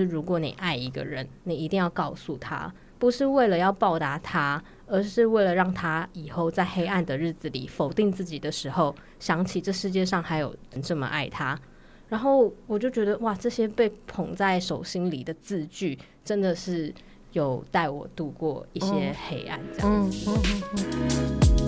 是，如果你愛一個人，你一定要告訴他，不是為了要報答他，而是為了讓他以後在黑暗的日子裡否定自己的時候，想起這世界上還有人這麼愛他。然後我就覺得，哇，這些被捧在手心裡的字句，真的是有帶我度過一些黑暗，這樣子。嗯嗯嗯嗯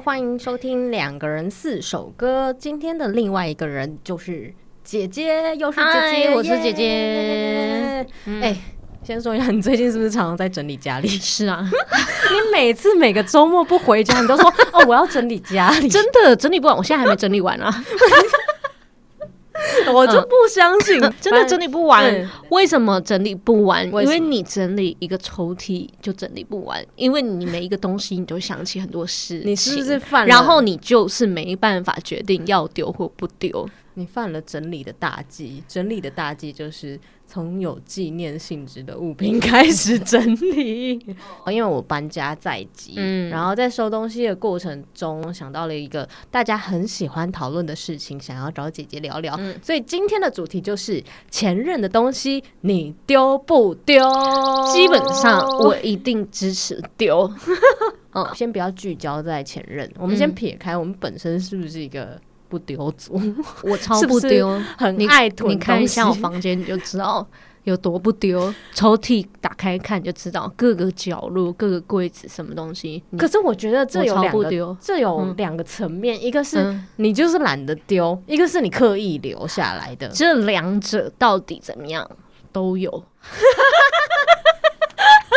歡迎收聽《兩個人四首歌》。今天的另外一個人就是姐姐，又是姐姐，Hi, 我是姐姐。哎、嗯，先說一下，你最近是不是常常在整理家裡？是啊， 你每次每個周末不回家，你都說 哦，我要整理家裡，真的整理不完，我現在還沒整理完啊。 我就不相信，嗯、真的整理不完。嗯、為什麼整理不完？為什麼？因為你整理一個抽屜就整理不完，因為你每一個東西，你就想起很多事。 你是不是犯了？然後你就是沒辦法決定要丟或不丟。你犯了整理的大忌。整理的大忌就是。從有紀念性質的物品開始整理，因為我搬家在即。嗯，然後在收東西的過程中，想到了一個大家很喜歡討論的事情，想要找姐姐聊聊。嗯，所以今天的主題就是前任的東西你丟不丟？基本上我一定支持丟。嗯， 先不要聚焦在前任，嗯，我們先撇開，我們本身是不是一個？不丟 我超不丟， 是不是很愛囤。你看一下我房間，你就知道有多不丟。 抽屜打開看就知道，各個角落、各個櫃子什麼東西。嗯、可是我覺得這有兩個，不這有兩個層面：嗯、一個是你就是懶得丟，嗯、一個是你刻意留下來的。這兩者到底怎麼樣都有。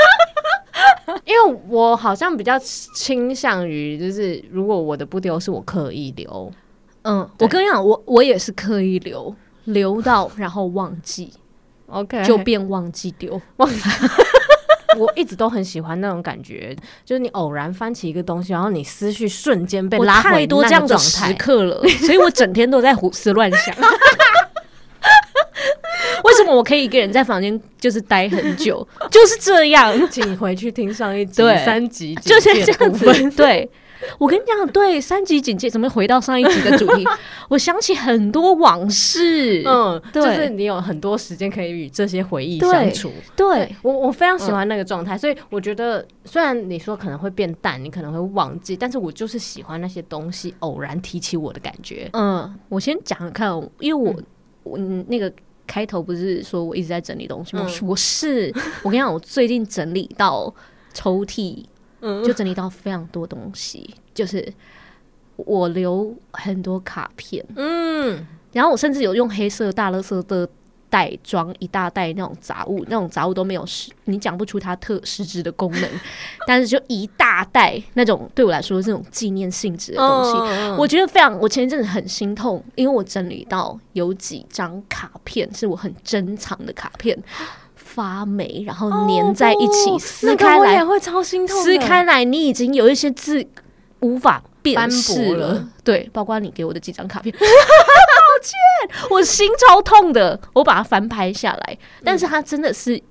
因為我好像比較傾向於，就是如果我的不丟是我刻意留。嗯，我跟你講，我我也是刻意留留到然後忘記，OK，就變忘記丟，忘記。我一直都很喜歡那種感覺，就是你偶然翻起一個東西，然後你思緒瞬間被拉回那樣的時刻了。所以我整天都在胡思亂想。為什麼我可以一個人在房間就是待很久？就是這樣，請你回去聽上一集，三集，就是這樣子對。我跟你講，對三級警戒，怎麼回到上一集的主題？ 我想起很多往事，嗯，對就是你有很多時間可以與這些回憶相處。對，對、嗯、我，我非常喜歡那個狀態，嗯、所以我覺得，雖然你說可能會變淡，你可能會忘記，但是我就是喜歡那些東西偶然提起我的感覺。嗯，我先講講看，因為我嗯，我那個開頭不是說我一直在整理東西嗎？嗯、我是，我跟你講，我最近整理到抽屜。嗯，就整理到非常多東西，就是我留很多卡片，嗯，然後我甚至有用黑色大垃圾的袋裝一大袋那種雜物，那種雜物都沒有實，你講不出它特實質的功能， 但是就一大袋那種對我來說這種紀念性質的東西，嗯、我覺得非常，我前一陣子很心痛，因為我整理到有幾張卡片是我很珍藏的卡片。發霉，然後粘在一起，撕開來，撕開來你你、哦，你已經有一些字無法辨識了。了對，包括你給我的幾張卡片， 抱歉， 我心超痛的，我把它翻拍下來，但是它真的是。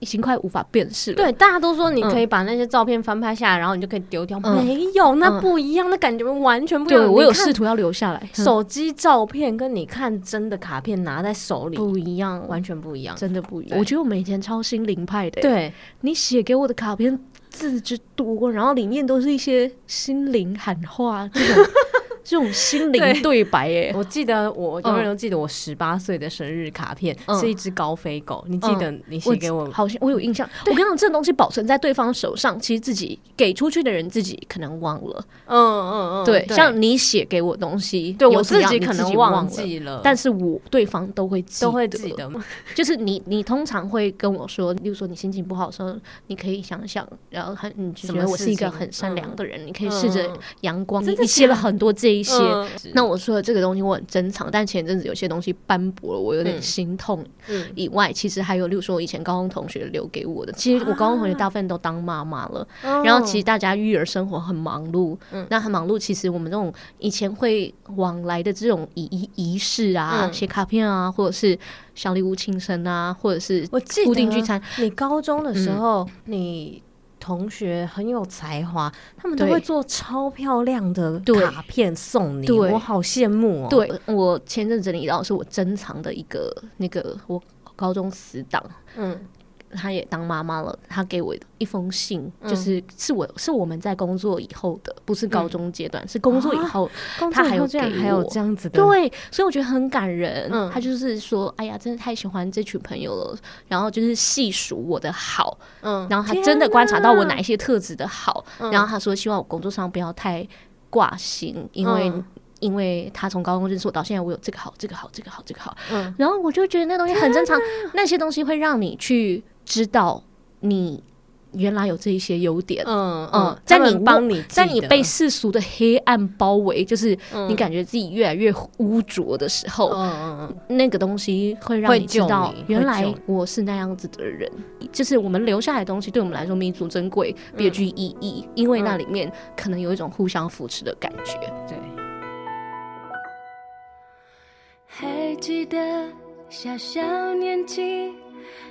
已經快無法辨識了。對，大家都說你可以把那些照片翻拍下來，嗯、然後你就可以丟掉。沒有，那不一樣，的感覺完全不一樣。嗯、看對我有試圖要留下來，手機照片跟你看真的卡片拿在手裡不一樣，嗯、完全不一樣，一樣真的不一樣。對我覺得我每天超心靈派的。對，你寫給我的卡片字之多，然後裡面都是一些心靈喊話這種。 這種心靈對白誒、欸，我記得，我永遠都記得我十八歲的生日卡片，嗯、是一隻高飛狗。你記得你寫給我，好像我有印象。我跟你講，這東西保存在對方手上，其實自己給出去的人自己可能忘了。嗯嗯嗯，嗯嗯對，對像你寫給我東西，對我自己可能忘記了，但是我對方都會記得都會記得嗎？就是你你通常會跟我說，例如說你心情不好的時候，你可以想想，然後很，你覺得我是一個很善良的人，嗯、你可以試着陽光。的的你寫了很多這。一些，嗯、那我說的這個東西我很珍藏，但前陣子有些東西斑駁了，我有點心痛嗯。嗯，以外，其實還有，例如說我以前高中同學留給我的，其實我高中同學大部分都當媽媽了，啊、然後其實大家育兒生活很忙碌，嗯、哦，那很忙碌。其實我們這種以前會往來的這種儀儀式啊，寫、嗯、卡片啊，或者是小禮物慶生啊，或者是固定聚餐。你高中的時候你、嗯，你。同學很有才華，他們都會做超漂亮的卡片送你。對對，我好羨慕哦！對，我前陣子你知道是我珍藏的一個那個我高中死黨，嗯。他也當媽媽了，他給我一封信，就是是我是我們在工作以後的，不是高中階段，是工作以後，他還有這樣還有這樣子的，對，所以我覺得很感人。他就是說，哎呀，真的太喜歡這群朋友了。然後就是細數我的好，嗯，然後他真的觀察到我哪一些特質的好，然後他說希望我工作上不要太掛心，因為因為他從高中認識我到現在，我有這個好，這個好，這個好，這個好，嗯，然後我就覺得那東西很正常，那些東西會讓你去。知道你原來有這一些優點，嗯嗯，嗯在你幫你，在你被世俗的黑暗包圍，就是你感覺自己越來越污濁的時候，嗯嗯，那個東西會讓你知道，原來我是那樣子的人，就是我們留下來的東西，對我們來說彌足珍貴，別具意義，嗯，因為那裡面可能有一種互相扶持的感覺，對。還記得小小年紀。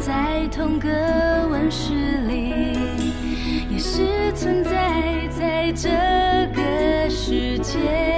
在同個溫室裡，也是存在在這個世界。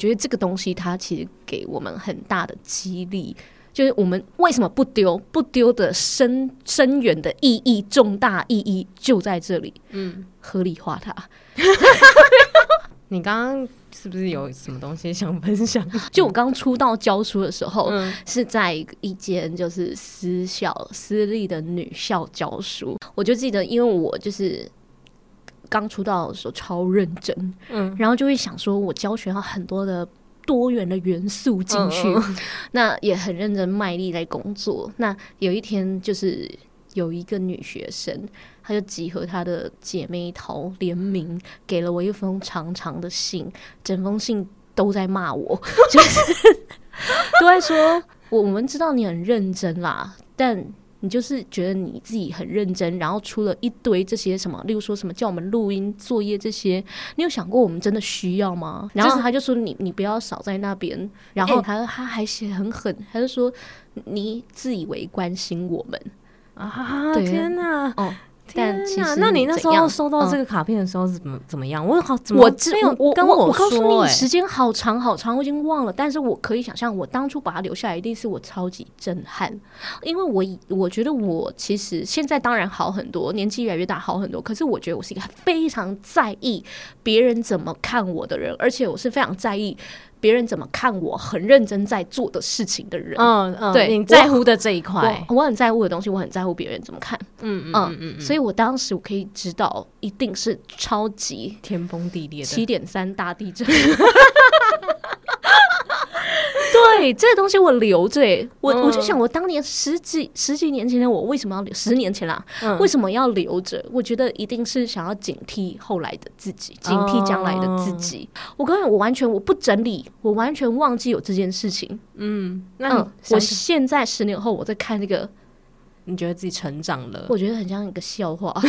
我覺得這個東西它其實給我們很大的激勵，就是我們為什麼不丟？不丟的深深遠的意義、重大意義就在這裡。嗯，合理化它。嗯、 你剛剛是不是有什麼東西想分享？就我剛出道教書的時候，嗯、是在一間就是私校、私立的女校教書。我就記得，因為我就是。剛出道的時候超認真，嗯、然後就會想說，我教學要很多的多元的元素進去，嗯嗯，那也很認真賣力在工作。那有一天，就是有一個女學生，她就集合她的姐妹淘聯名，給了我一封長長的信，整封信都在罵我， 就是都在說 我們知道你很認真啦，但。你就是覺得你自己很認真，然後出了一堆這些什麼，例如說什麼叫我們錄音作業這些，你有想過我們真的需要嗎？然後就他就說你你不要少在那邊，然後他、欸、他還寫很狠，他就說你自以為關心我們啊！對天哪！哦、嗯。對啊，那你那時候收到這個卡片的時候是怎麼、啊嗯、怎麼樣？我好，我沒有跟我，我告訴你，時間好長好長，我已經忘了。嗯、但是我可以想象，我當初把它留下來，一定是我超級震撼，嗯、因為我我覺得我其實現在當然好很多，年紀越來越大，好很多。可是我覺得我是一個非常在意別人怎麼看我的人，而且我是非常在意。別人怎麼看我很認真在做的事情的人。嗯嗯，嗯對，我你在乎的這一塊，我很在乎的東西，我很在乎別人怎麼看。嗯嗯嗯，嗯嗯所以我當時我可以知道，一定是超級天崩地裂的，七點三大地震。 對，這個東西我留着，欸，我，嗯，我就想，我當年十幾十幾年前的我為什麼要留？十年前啦，啊。嗯，為什麼要留着？我覺得一定是想要警惕後來的自己，警惕將來的自己。嗯，我根本我完全我不整理，我完全忘記有這件事情。嗯，那嗯起我現在十年後我在看那，這個，你覺得自己成長了？我覺得很像一個笑話。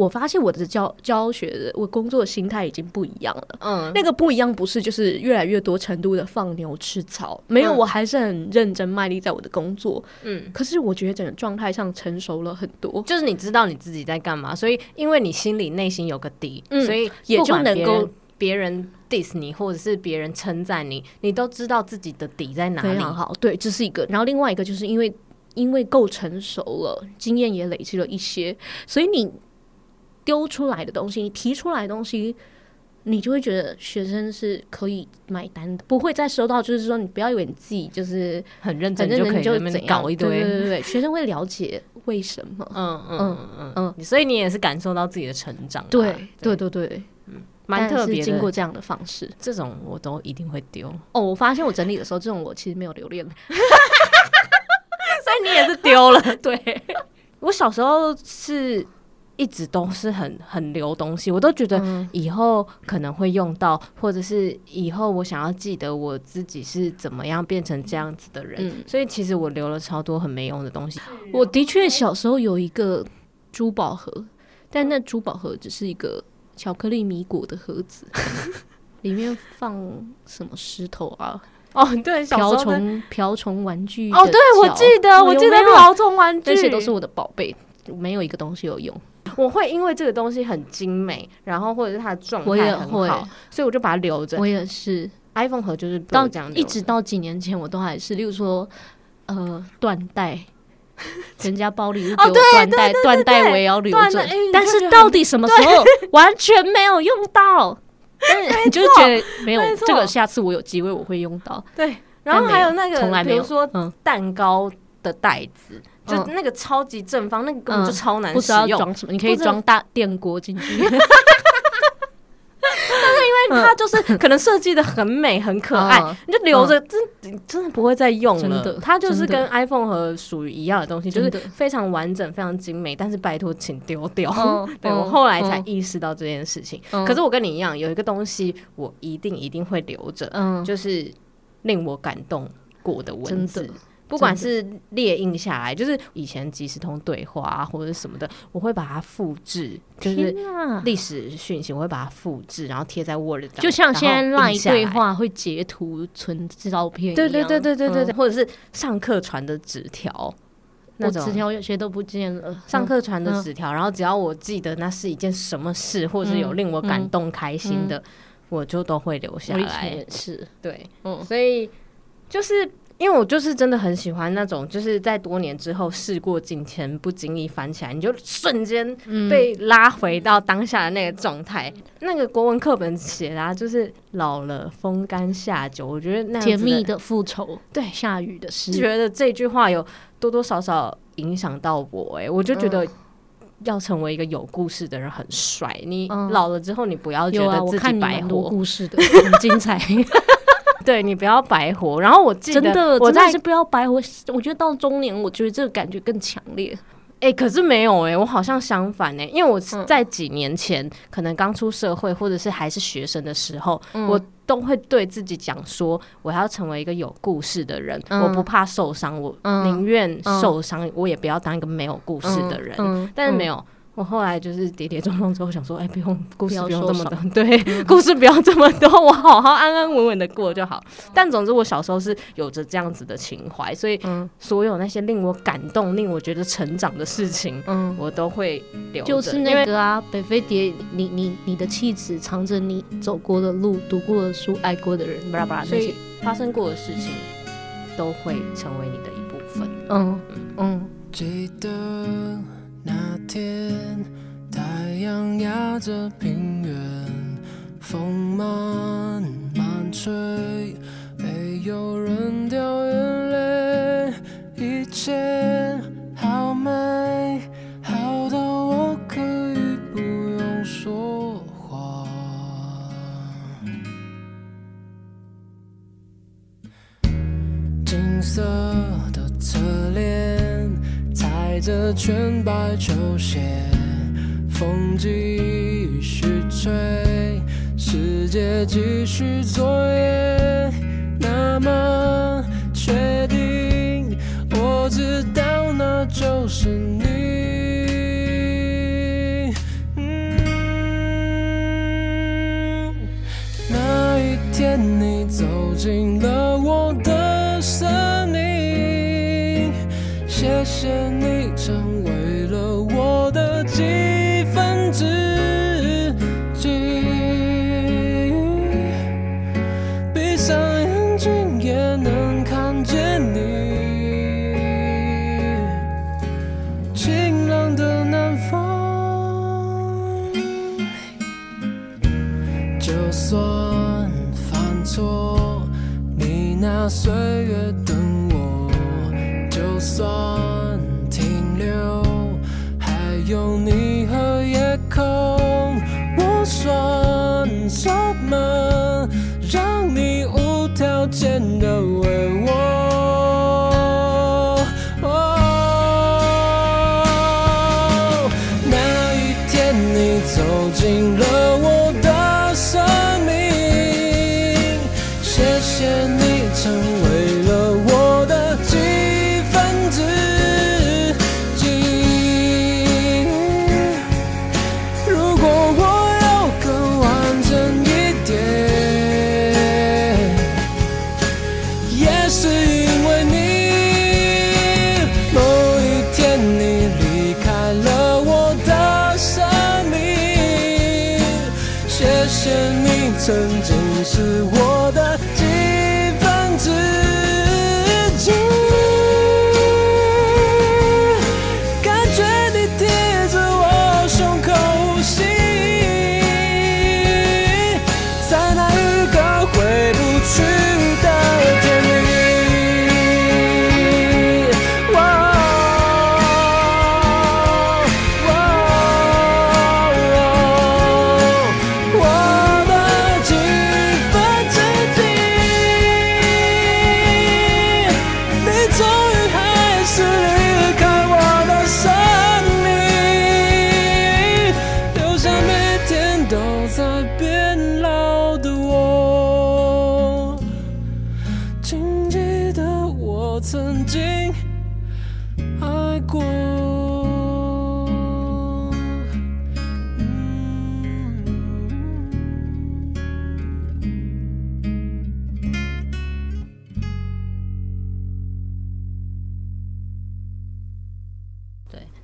我發現我的教教學的我工作的心態已經不一樣了。嗯，那個不一樣不是就是越來越多程度的放牛吃草，沒有、嗯、我還是很認真賣力在我的工作。嗯，可是我覺得整個狀態上成熟了很多，就是你知道你自己在幹嘛，所以因為你心裡內心有個底，嗯、所以不也就能夠別人 diss 你或者是別人稱讚你，你都知道自己的底在哪裡。非常好，對，這、就是一個。然後另外一個就是因為因為夠成熟了，經驗也累積了一些，所以你。丟出來的東西，你提出來的東西，你就會覺得學生是可以買單的，不會再收到。就是說，你不要以為你自己就是很認真，很認真就可以，就搞一堆。對，對對對，學生會了解為什麼？嗯嗯嗯嗯，嗯嗯嗯，所以你也是感受到自己的成長。對對，對對對對，嗯，蠻特別。經過這樣的方式、嗯的，這種我都一定會丟。哦，我發現我整理的時候，這種我其實沒有留戀， 所以你也是丟了。對 我小時候是。一直都是很很留東西，我都覺得以後可能會用到，嗯、或者是以後我想要記得我自己是怎麼樣變成這樣子的人，嗯、所以其實我留了超多很沒用的東西。嗯、我的確小時候有一個珠寶盒，嗯、但那珠寶盒只是一個巧克力米果的盒子，嗯、 裡面放什麼石頭啊？哦，對，小時候瓢蟲、瓢蟲玩具。哦，對，我記得，我記得瓢蟲玩具，這些都是我的寶貝，沒有一個東西有用。我會因為這個東西很精美，然後或者是它的狀態很好，所以我就把它留着。我也是，iPhone 盒就是到一直到幾年前我都還是，例如說呃緞帶，人家包裡一給我緞帶，緞帶、 哦、我也要留着。對對對對，但是到底什麼時候完全沒有用到？對 對你就覺得沒有沒錯這個，下次我有機會我會用到。對，然後還有那個，從來沒有比如說蛋糕的袋子。嗯就那個超級正方，那個根本就超難使用。裝什麼？你可以裝大電鍋進去。但是因為它就是可能設計得很美很可愛，你就留着，真真的不會再用了。它就是跟 iPhone 和屬於一樣的東西，就是非常完整、非常精美。但是拜托，請丟掉。對，我後來才意識到這件事情。可是我跟你一樣，有一個東西我一定一定會留着，就是令我感動過的文字。不管是列印下來，就是以前即時通對話、啊、或者什麼的，我會把它複製，啊、就是歷史訊息，我會把它複製，然後貼在 Word 上，就像現在 Line 對話會截圖存照片。對，對對對對對對，嗯、或者是上課傳的紙條，那紙條有些都不見了，那種上課傳的紙條，然後只要我記得那是一件什麼事，嗯、或者是有令我感動開心的，嗯嗯、我就都會留下來。是，對，嗯，所以就是。因為我就是真的很喜歡那種，就是在多年之後事過境遷，不經意翻起來，你就瞬間被拉回到當下的那個狀態。那個國文課本寫的、啊，就是老了風乾下酒，我覺得那甜蜜的復仇，對下雨的事，覺得這句話有多多少少影響到我。哎，我就覺得要成為一個有故事的人很帥。你老了之後，你不要覺得自己白活、嗯，嗯有啊、故事的很精彩。 對，你不要白活，然後我記得我，我真，真的是不要白活。我覺得到中年，我覺得這個感覺更強烈。哎、欸，可是沒有哎、欸，我好像相反哎、欸，因為我是在幾年前，嗯、可能剛出社會或者是還是學生的時候，嗯、我都會對自己講說，我要成為一個有故事的人，嗯、我不怕受傷，我寧願受傷，嗯嗯、我也不要當一個沒有故事的人。嗯嗯、但是沒有。嗯我後來就是跌跌撞撞之後想說，哎，不用故事不用這麼多，對，嗯、 故事不要這麼多，我好好安安穩穩的過就好。但總之，我小時候是有着這樣子的情懷，所以所有那些令我感動、令我覺得成長的事情，我都會留着。就是那個啊，北飛蝶，你你你的氣質藏着你走過的路、讀過的書、愛過的人，巴拉巴拉所以發生過的事情都會成為你的一部分。嗯嗯。記得。那天，太陽壓着平原，風慢慢吹，沒有人掉眼淚，一切好美，好到我可以不用說話。金色的側臉，著全白球鞋，風繼續吹，世界繼續作業，那麼確定，我知道那就是你。是我。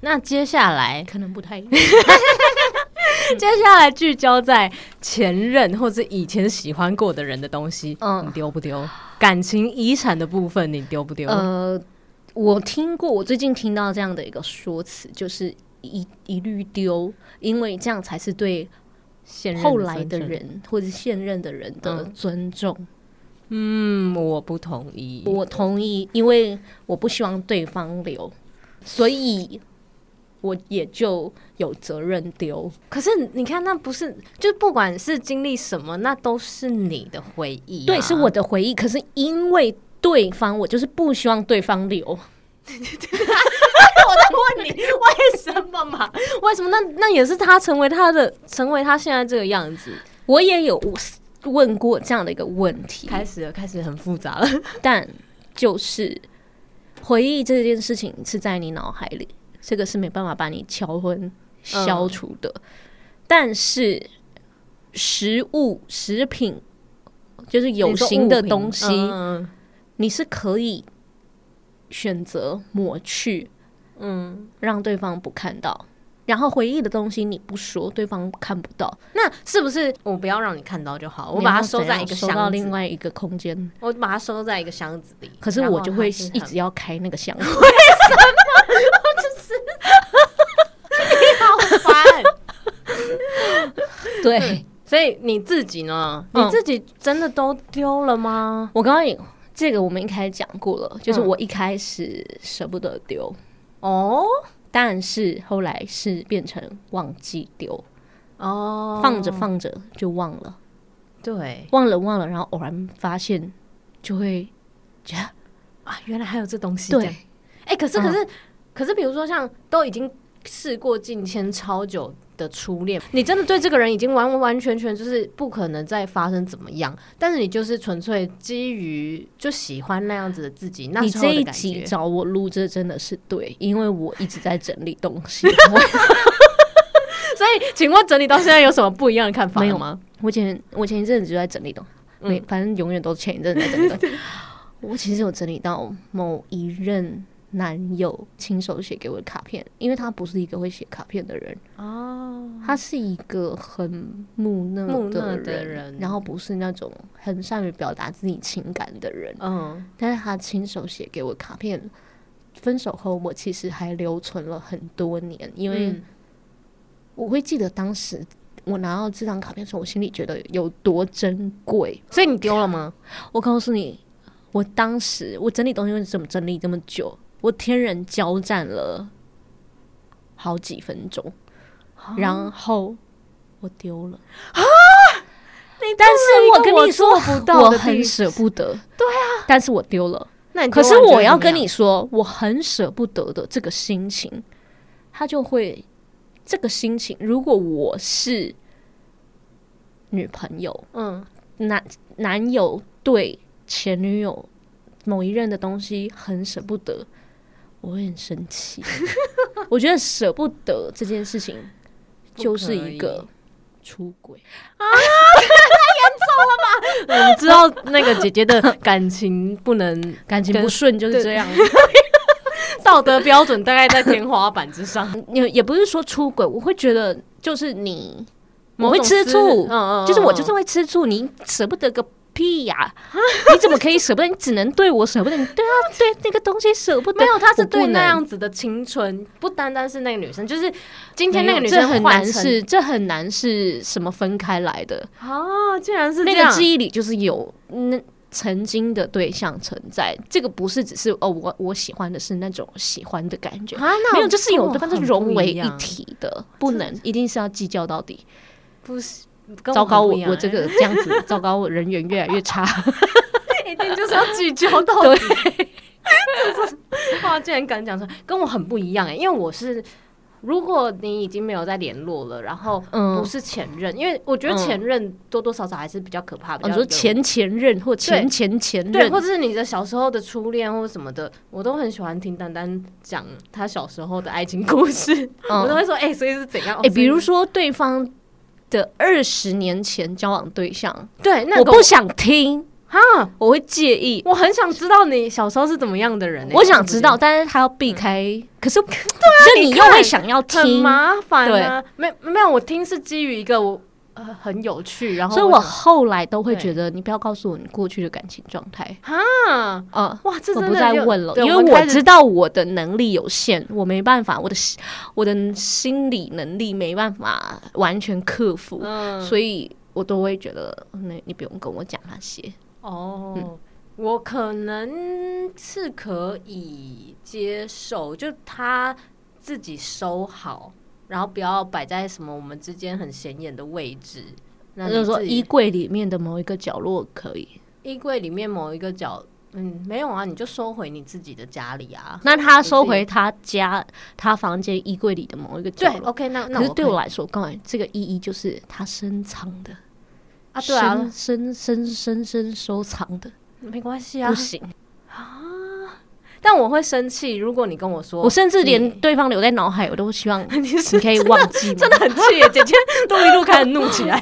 那接下來可能不太， 接下來聚焦在前任或者以前喜歡過的人的東西，嗯，你丟不丟？感情遺產的部分你丟丟，你丟不丟？呃，我聽過，我最近聽到這樣的一個說辭，就是一一律丟，因為這樣才是對後來的人或者現任的人的尊重。嗯，我不同意，我同意，因為我不希望對方留，所以。我也就有責任丟，可是你看，那不是就不管是經歷什麼，那都是你的回憶。對，是我的回憶。可是因為對方，我就是不希望對方留。 我在問你為什麼嘛？ 為什麼？那那也是他成為他的，成為他現在這個樣子。我也有問過這樣的一個問題。開始了，開始很複雜了。但就是回憶這件事情是在你腦海裡。這個是沒辦法把你敲昏、消除的，嗯、但是食物、食品就是有形的東西，嗯、你是可以選擇抹去，嗯，讓對方不看到。然後回憶的東西你不說，對方看不到。那是不是我不要讓你看到就好？我把它收在一個，收到另外一個空間，我把它收在一個箱子裡。可是我就會一直要開那個箱子，為什麼？ 對，嗯、所以你自己呢？嗯、你自己真的都丟了嗎？我剛剛這個我們一開始講過了，就是我一開始舍不得丟哦，嗯、但是後來是變成忘記丟哦，放着放着就忘了。對，忘了忘了，然後偶然發現就會覺得啊，原來還有這東西這樣。對，哎、欸，可是可是、嗯、可是，比如說像都已經。事過境遷超久的初戀，你真的對這個人已經完完全全就是不可能再發生怎麼樣？但是你就是純粹基於就喜歡那樣子的自己。那的你這一集找我錄，這真的是對，因為我一直在整理東西。所以，請問整理到現在有什麼不一樣的看法？ 沒有嗎？我前我前一陣子就在整理東西，嗯，反正永遠都是前一陣在整理。 我其實有整理到某一任。男友親手寫給我的卡片，因為他不是一個會寫卡片的人。哦，oh, 他是一個很木訥的人，的人然後不是那種很善於表達自己情感的人。嗯，oh. 但是他親手寫給我卡片，分手後我其實還留存了很多年，因為我會記得當時我拿到這張卡片的時候，我心裡覺得有多珍貴。所以你丟了嗎？我告訴你，我當時我整理東西為什麼整理這麼久？我天人交戰了好幾分鐘，蛤然後我丟了啊！做了但是，我跟你說，你我很捨不得。對啊，但是我丟了。可是我要跟你說，嗯、我很捨不得的這個心情，他就會這個心情。如果我是女朋友，嗯，男男友對前女友某一任的東西很捨不得。我會很生氣， 我覺得捨不得這件事情就是一個出軌啊！ 太嚴重了吧我們、嗯、知道那個姐姐的感情不能 感情不順就是這樣子，對對道德標準大概在天花板之上。 也也不是說出軌，我會覺得就是你，我會吃醋。嗯嗯，就是我就是會吃醋，嗯嗯嗯你捨不得個。屁呀、啊！你怎麼可以捨不得？你只能對我捨不得，你對他對那個東西捨不得。 沒有，他是對那樣子的青春，不單單是那個女生，就是今天那個女生很，這很難是這很難是什麼分開來的啊、哦？竟然是這樣，那個記憶裡就是有那曾經的對象存在，這個不是只是哦，我我喜歡的是那種喜歡的感覺、啊、沒有，就是有對方是融為一體的，的不，不能一定是要計較到底，不是。欸、糟糕我，我、欸、我這個這樣子糟糕，我人緣越來越差。一定就是要聚焦到底。哇竟然敢講出來，跟我很不一樣哎、欸，因為我是，如果你已經沒有在聯絡了，然後不是前任，嗯、因為我覺得前任多多少少還是比較可怕。嗯、比如、啊、說前前任或前前前任對，對，或者是你的小時候的初戀或者什麼的，我都很喜歡聽丹丹講他小時候的愛情故事。嗯、我都會說，哎，所以是怎樣？哎，欸、比如說對方。的二十年前交往對象，對，那個，我不想聽哈，我會介意。我很想知道你小時候是怎麼樣的人，我想知道，嗯、但是他要避開，嗯、可是，對啊，就你又會想要聽，很麻煩，啊、對，沒沒有，我聽是基於一個我。呃、很有趣，然後，所以我後來都會覺得，你不要告訴我你過去的感情狀態啊，對嗯、哇，這真的我不再問了，對因為我知道我的能力有限，我沒辦法，我的我的心理能力沒辦法完全克服，嗯、所以我都會覺得，那你不用跟我講那些哦，嗯、我可能是可以接受，就他自己收好。然後不要擺在什麼我們之間很顯眼的位置，那就是說衣櫃裡面的某一個角落可以。衣櫃裡面某一個角，嗯，沒有啊，你就收回你自己的家裡啊。那他收回他家他房間衣櫃裡的某一個角落，對，OK 那。那那對我來說，剛才這個意義就是他深藏的啊，對啊，深深深深收藏的，沒關係啊，不行啊。但我會生氣，如果你跟我說，我甚至連對方留在腦海，我都希望你可以忘記。真的很氣，姐姐都一路開始怒起來。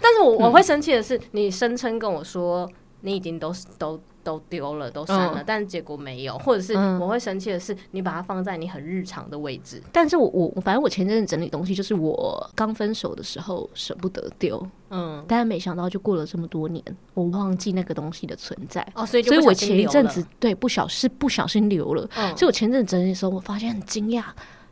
但是，我我會生氣的是，你聲稱跟我說你已經都是都，都丟了，都刪了，嗯、但是結果沒有，或者是我會生氣的是，你把它放在你很日常的位置。但是我我，我反正我前陣整理東西，就是我剛分手的時候舍不得丟，嗯，但是沒想到就過了這麼多年，我忘記那個東西的存在，哦，所以我前一陣子對不小是不小心留了，所以我前陣、嗯、整理的時候，我發現很驚訝。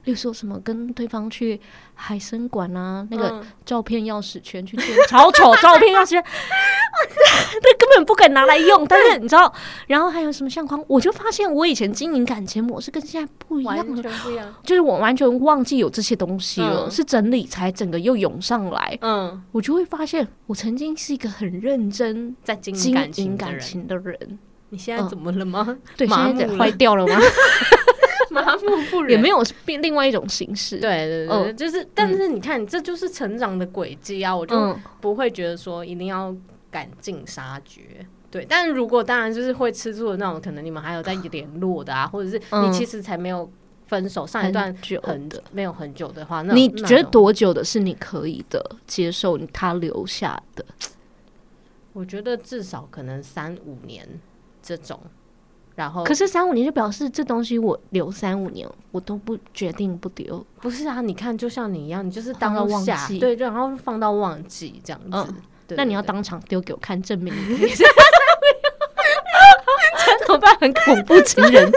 又說什麼跟對方去海生館啊，那個照片鑰匙圈去做，超醜照片鑰匙圈，他根本不敢拿來用。但是你知道，然後還有什麼相框。我就發現我以前經營感情模式跟現在不一樣，完全不一樣。就是我完全忘記有這些東西了，是整理才整個又湧上來。嗯，我就會發現，我曾經是一個很認真在經營感情的人。你現在怎麼了嗎？對，現在壞掉了嗎？麻木不仁也沒有另外一種形式。 對對對、對、嗯，就是，但是你看，嗯、這就是成長的軌跡啊！我就不會覺得說一定要趕盡殺絕。嗯、對，但如果當然就是會吃醋的那種，可能你們還有在聯絡的啊，或者是你其實才沒有分手，嗯，上一段很久的，很久的沒有很久的話，那你覺得多久的是你可以的接受他留下的？ 我覺得至少可能三五年這種。然後，可是，三五年就表示，這東西我留三五年，我都不決定不丟。不是啊，你看，就像你一樣，你就是當到忘記，忘記對，然後放到忘記這樣子。嗯、對，對。那你要當場丟給我看，證明你。哈哈哈！哈哈，頭髮很恐怖，情人。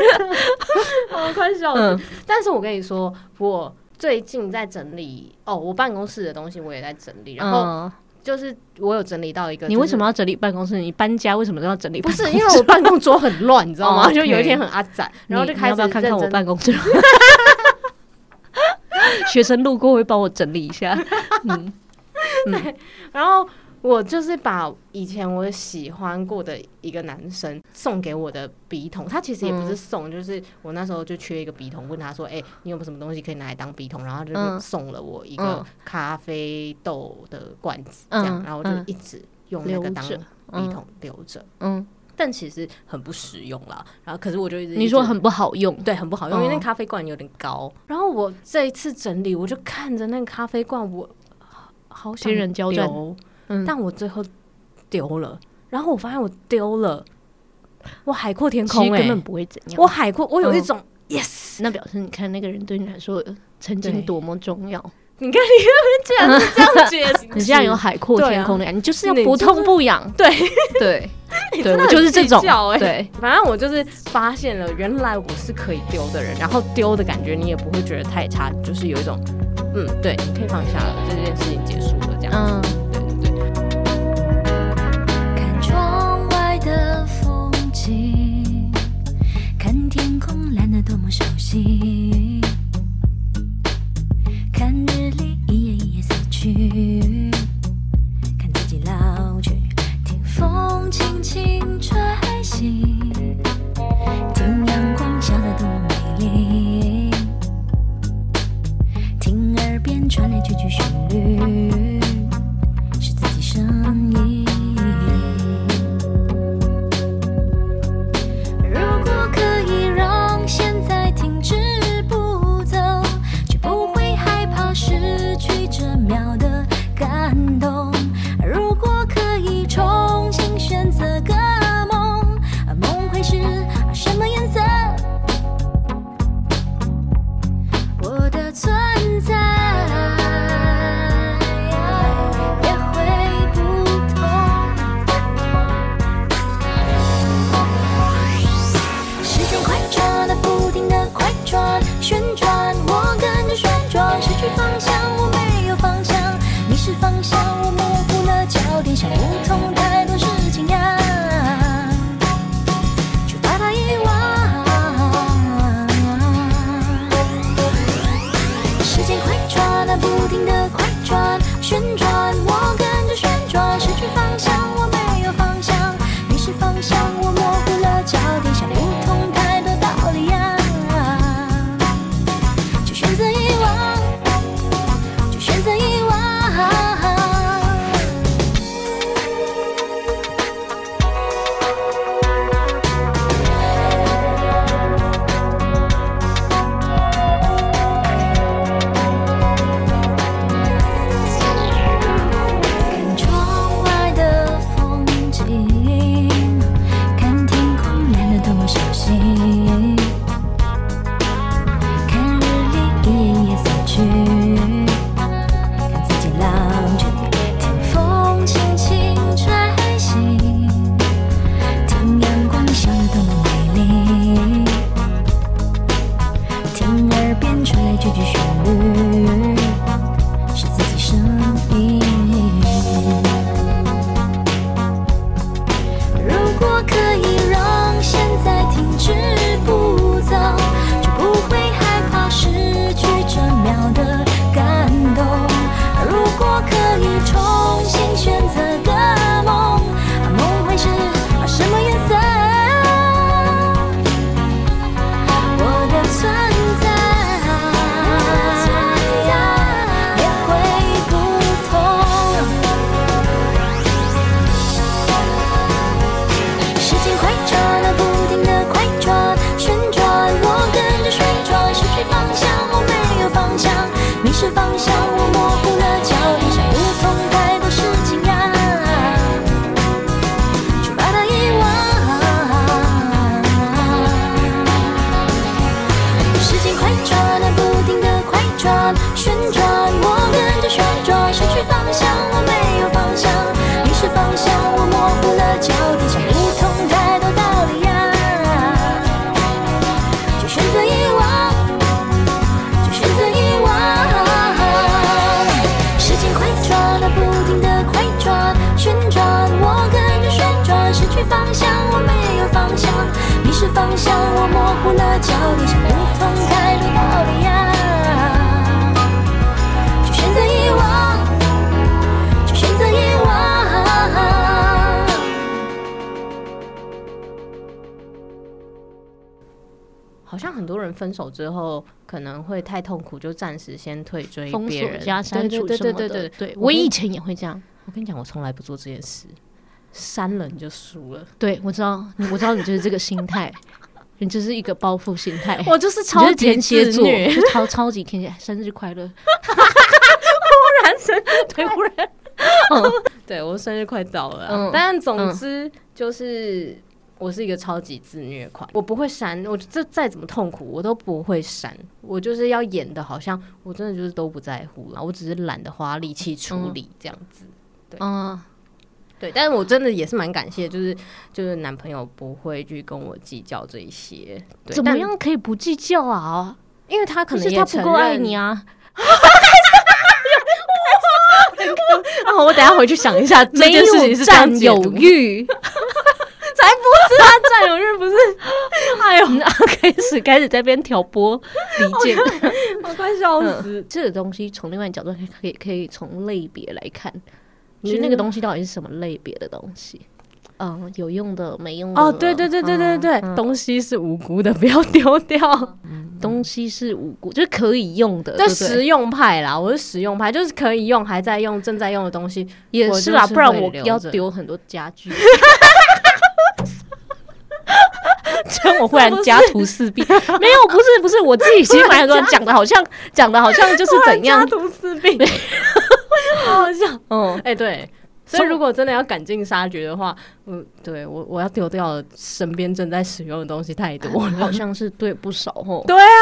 我快笑死了。嗯、但是，我跟你說，我最近在整理哦，我辦公室的東西我也在整理，然後。就是我有整理到一個，你為什麼要整理辦公室？就是、你搬家為什麼都要整理辦公室？不是因為我辦公桌很亂， 你知道嗎？Oh, okay. 就有一天很阿雜，然後就開始要要看看我辦公桌。 學生路過會幫我整理一下， 嗯，嗯對，然後。我就是把以前我喜歡過的一個男生送給我的筆筒，他其實也不是送，嗯、就是我那時候就缺一個筆筒，問他說：“哎、欸，你有沒有什麼東西可以拿來當筆筒？”然後就是送了我一個咖啡豆的罐子，這樣，嗯、然後就一直用那個當筆筒留着。嗯，嗯，但其實很不實用啦。然後，可是我就一直，一直你說很不好用，對，很不好用，嗯、因為那咖啡罐有點高。然後我這一次整理，我就看着那個咖啡罐，我好想留。但我最後丟了，然後我發現我丟了，我海闊天空，根本不會怎樣。我海闊，我有一種 yes，那表示你看那個人對你來說曾經多麼重要。你看你居然這樣子這樣解釋，你這樣有海闊天空的感覺，你就是要不痛不癢，對對對，我就是這種。對，反正我就是發現了，原來我是可以丟的人，然後丟的感覺你也不會覺得太差，就是有一種嗯，對，你可以放下了，這件事情結束了，這樣。方向，我沒有方向，迷失方向，我模糊了角度，想不通太多事情呀，選擇遺忘，就選擇遺忘。好像很多人分手之後可能會太痛苦，就暫時先退追別人，封鎖加刪除什麼的，對對,對對對對對。我以前也會這樣。我跟你講，我從來不做這件事。刪了你就輸了。對，對，我知道，我知道你就是這個心態， 你就是一個包袱心態。我就是超級是天蠍座， 超超級天蠍。生日快樂！忽 然生 對，忽然、 嗯，對我生日快到了。嗯、但總之、嗯、就是我是一個超級自虐款，我不會刪，我這再怎麼痛苦我都不會刪，我就是要演的好像我真的就是都不在乎了，我只是懶得花力氣處理這樣子。對、嗯，嗯。對嗯對，但是我真的也是蠻感謝，就是就是男朋友不會去跟我計較這一些，怎麼樣可以不計較啊？因為他可能也他不夠愛你啊！哇！啊，我等一下回去想一下這件事情是占有欲，才不是啊！占有欲不是？哎呦然後，開始開始在邊挑撥離間，我快笑死、嗯！這個東西從另外一角度可以可以從類別來看。其實那個東西到底是什麼類別的東西，嗯，有用的沒用的？哦，對對對對對對，東西是無辜的，不要丟掉，東西是無辜，就是可以用的，對，實用派啦，我是實用派，就是可以用還在用、正在用的東西也是啦，不然我要丟很多家具，這樣我忽然家徒四壁。沒有，不是不是，我自己喜歡很多人講的好像講的好像就是怎樣家徒四壁 好笑，哦、嗯，哎、欸、對，從所以如果真的要趕盡殺絕的話，嗯，對我我要丟掉身邊正在使用的東西太多，啊、好像是對不少哦。對啊，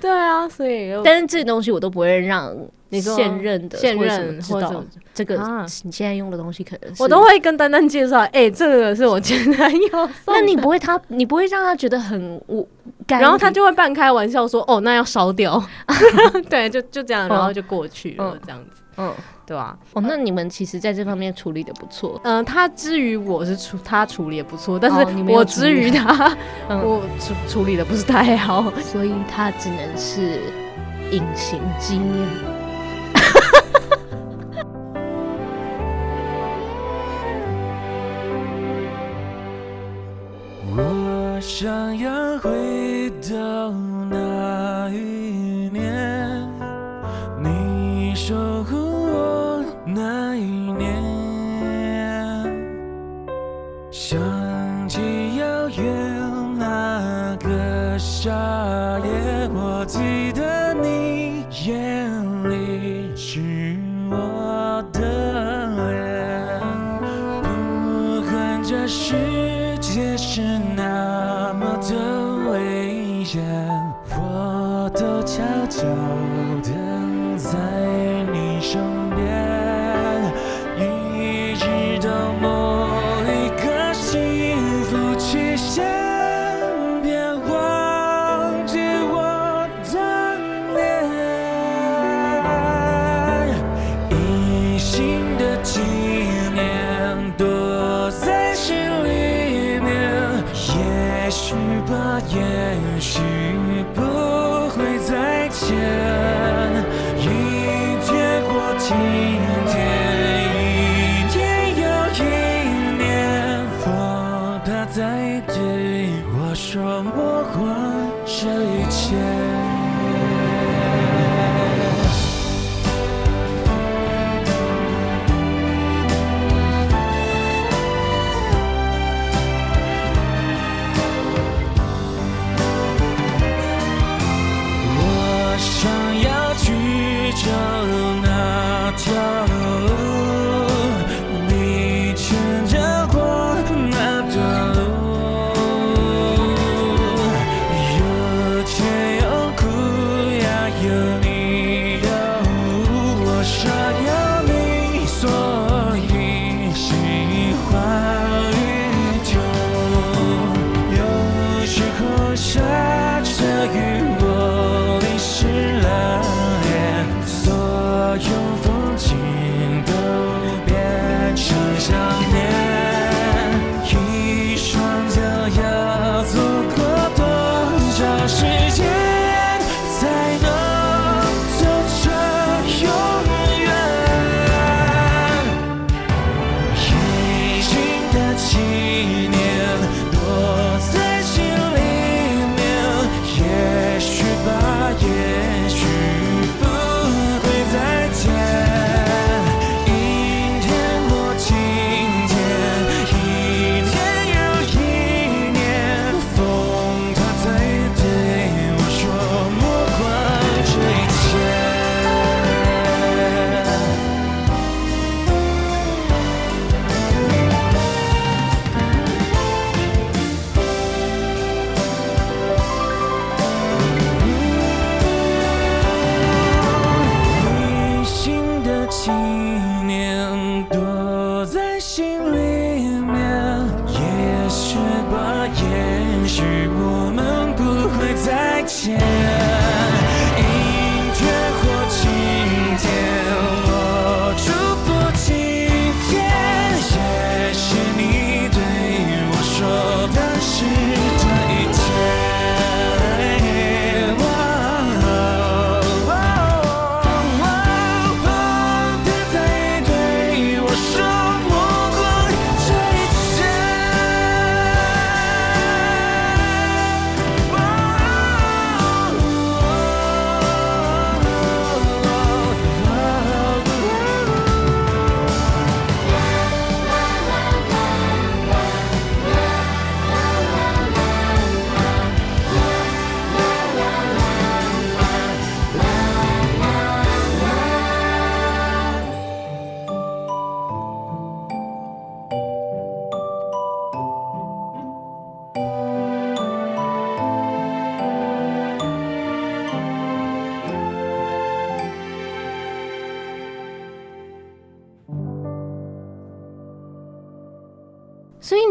對啊，所以，但是這些東西我都不會讓現任的你、啊、現任知道這個你現在用的東西，可能我都會跟丹丹介紹，哎，這個是我前男友，那你不會他，你不會讓他覺得很我，然後他就會半開玩笑說，哦，那要燒掉， 對，就就這樣，然後就過去了，這樣子。嗯，對吧？哦，那你們其實在這方面處理的不錯。嗯、呃，他之於我是處，他處理也不錯，但是我之於他，我處處理的不是太好，所以他只能是隱形紀念。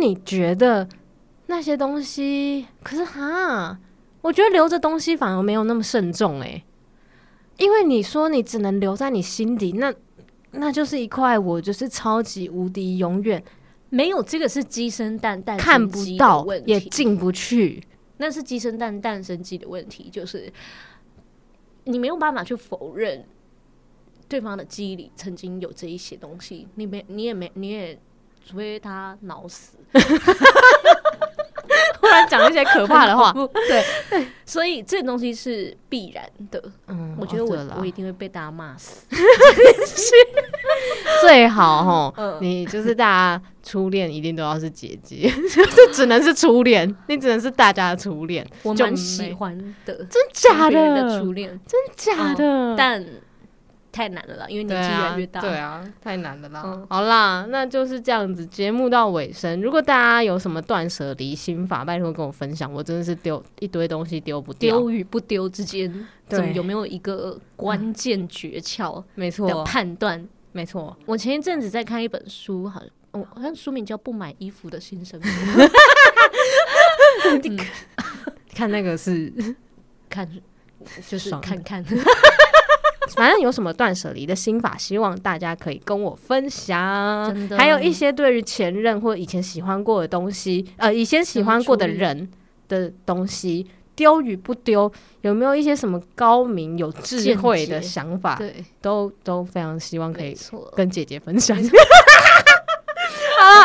你覺得那些東西？可是哈，我覺得留着東西反而沒有那麼慎重哎、欸，因為你說你只能留在你心底，那那就是一塊我就是超級無敵永遠沒有這個是雞生蛋蛋生看不到問題也進不去，那是雞生蛋蛋生雞的問題，就是你沒有辦法去否認對方的記憶裡曾經有這一些東西，你沒你也沒你也。除非他腦死，突然講一些可怕的話，對，所以這東西是必然的。嗯，我覺得我我一定會被大家罵死。哈哈哈哈最好吼，你就是大家初戀一定都要是姐姐，這只能是初戀，你只能是大家的初戀。我蠻喜歡的，真假的初戀，真假的，但。太難了啦，因為年紀越來越大對，啊。對啊，太難了啦。嗯、好啦，那就是這樣子，節目到尾聲。如果大家有什麼斷捨離心法，拜託跟我分享，我真的是丟一堆東西丟不掉，丟與不丟之間，對有沒有一個關鍵訣竅？沒錯，判斷。沒錯，我前一陣子在看一本書好，好、哦、像我好像書名叫《不買衣服的心聲》。看那個是看，就是看看。 反正有什麼斷捨離的心法，希望大家可以跟我分享。哦、還有一些對於前任或以前喜歡過的東西，呃，以前喜歡過的人的東西，丟與不丟，有沒有一些什麼高明、有智慧的想法？啊、對，都都非常希望可以跟姐姐分享。啊錯，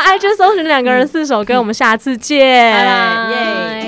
愛就搜尋兩個人四首歌，嗯、 我們下次見。耶！